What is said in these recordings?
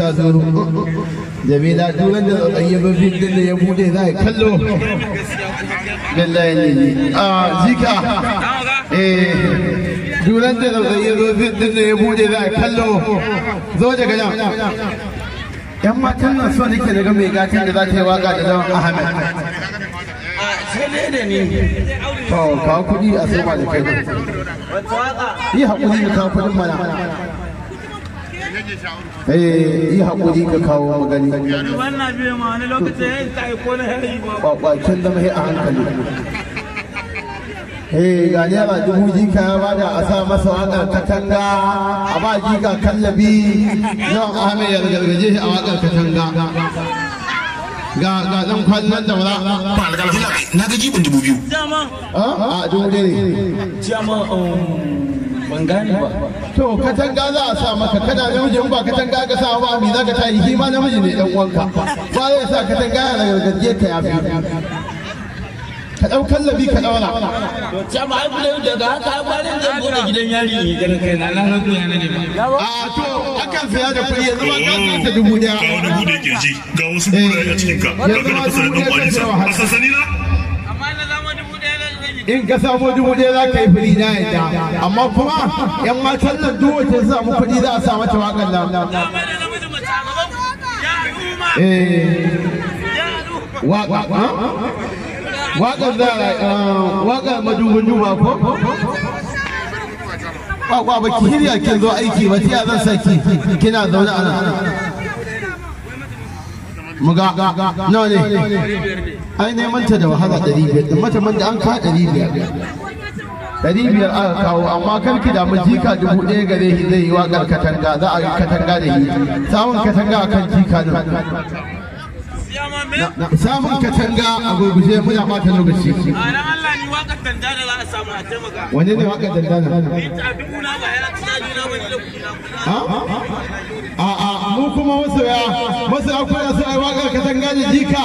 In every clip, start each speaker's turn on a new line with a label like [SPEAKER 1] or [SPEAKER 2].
[SPEAKER 1] Eh, yan matan nan so nake daga mai gatan da za ta yi waka da lawan ahmed sai da ni to kuɗi a soma da kai yi haƙuri da ka kuɗin mana eh yi hakuri ka kawo magani wannan biyu ma wani lokaci ya ta aiko na hari ba kwakwakin a hankali eh ga naira dubu jika ya bada a sa masa wakar katanga a ba jika kallabi yawan ahmed ya gargaje a wakar katanga ga ga dan kwallon da wala na ga jibin dubu biyu a ah? ah, dubu ne um, ban gane ba to katanga za a sa maka kana namiji ba katanga ka sa ba me za ka ta yi ma namiji ne dan uwanka ba zai sa katanga ya gargaje ka yafi ka dau kallabi ka daura to ce ma haifu da daga haka gwarin da gidan yari ne kai na ne ba a to akan saya da kuɗi yanzu ma kan sa ta dubu daya ga wani bude ga wasu a cikin ka ga kana da dan sa a sasani na in ka samu dubu ɗaya za ka yi fili na yadda amma kuma yan matan nan duk wacce za samu kuɗi za a sa mata waƙar nan eh. waƙar za a ah, waƙar madubin duba ko kwakwa ba ki hirya kin zo aiki ba tiya zan saki kina zaune a nan nawa ne ai neman ta da wahala ɗari biyar da mata man da an ka ɗari biyar ɗari biyar aka kawo amma kar ki damu jika dubu ɗaya gare shi zai yi waƙar katanga za a yi katanga da yi samun katanga a kan jika nan samun katanga a gurguje muna mata lokaci
[SPEAKER 2] wani ne waƙar dandana
[SPEAKER 1] a a mu kuma masoya masoya kuna so a yi waƙar katanga da jika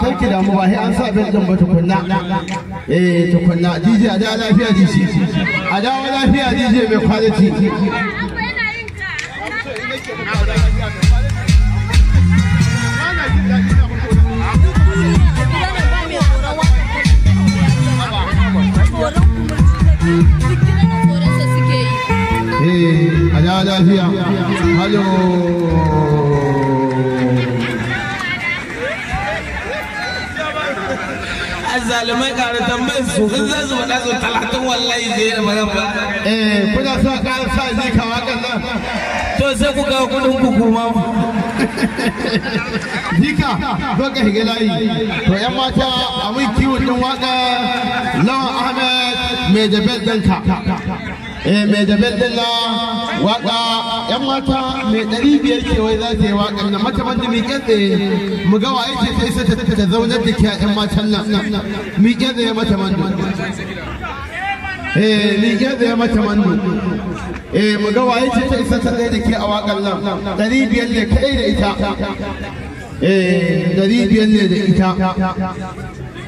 [SPEAKER 1] kai ki damu ba sai an sa bin din ba tukunna eh tukunna DJ a da lafiya DJ a da lafiya DJ mai quality Eh, a da lafiya. Hello. azzalumai ƙara tambayin su zan su faɗa su talatin wallahi zai magan ba. Eh kuna sa ƙara sa zai kawo kan nan. To sai ku kawo ku kuma. Dika zo ka hige layi. To ‘yan mata a mun kiwon ɗin waƙa Lawan Ahmed mai ɗinka. mai da bendela waka yan mata mai ɗari biyar ke wai za ta yi waka na mata banda mai kyatse mu ga waye ce ta isa ta zaunar da kiya yan matan nan mai kyatse ya mata mando eh mai kyatse ya mata mando eh mu ga waye ce ta isa ta tsaye da ke a wakan nan ɗari biyar ne kai da ita eh ɗari biyar ne da ita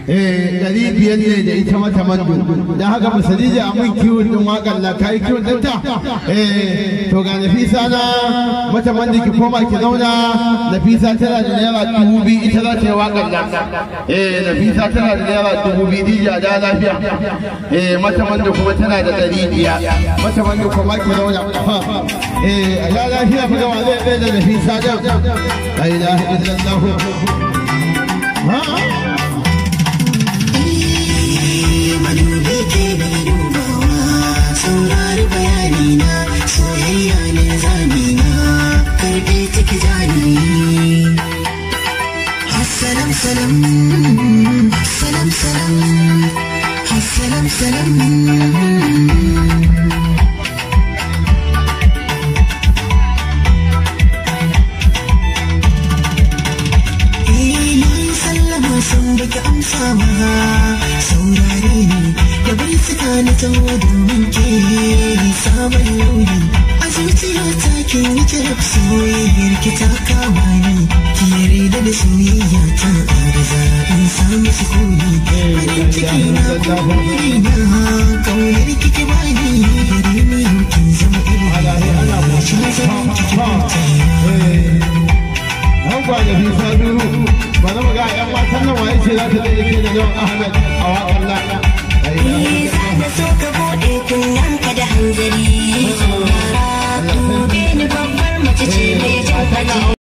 [SPEAKER 1] Eh, ɗari biyar ne da ita mata mando don haka musadija a mun kiwon ɗin waƙar la kayi kiwon ɗinta eh, to ga nafisa na mata mando ki koma ki zauna nafisa tana da naira dubu biyu ita za ta yi waƙar la eh, nafisa tana da naira dubu biyu dija da lafiya mata mando kuma tana da dari biyar mata mando kuma ki zauna a lafiya kuma zai bai da nafisa ɗin la ilaha illallah ne zamina karɓe ciki jani Assalam salam salam salam Assalam salam sun baki amsa maza saurare ne da bai suka na tawo domin ke sabon launi zuciya ta ke wuce soyayyar ki ta kama ni ki yarda da soyayya ta arza in samu sukuni farin ciki na kuri na kaunar ki ki bani gare ni yau kin zama irin shi zaman ki ki kuta Yan kwanabi Sabiru, ba maga 'yan matan nan waye ce za ta yake da yawan Ahmed.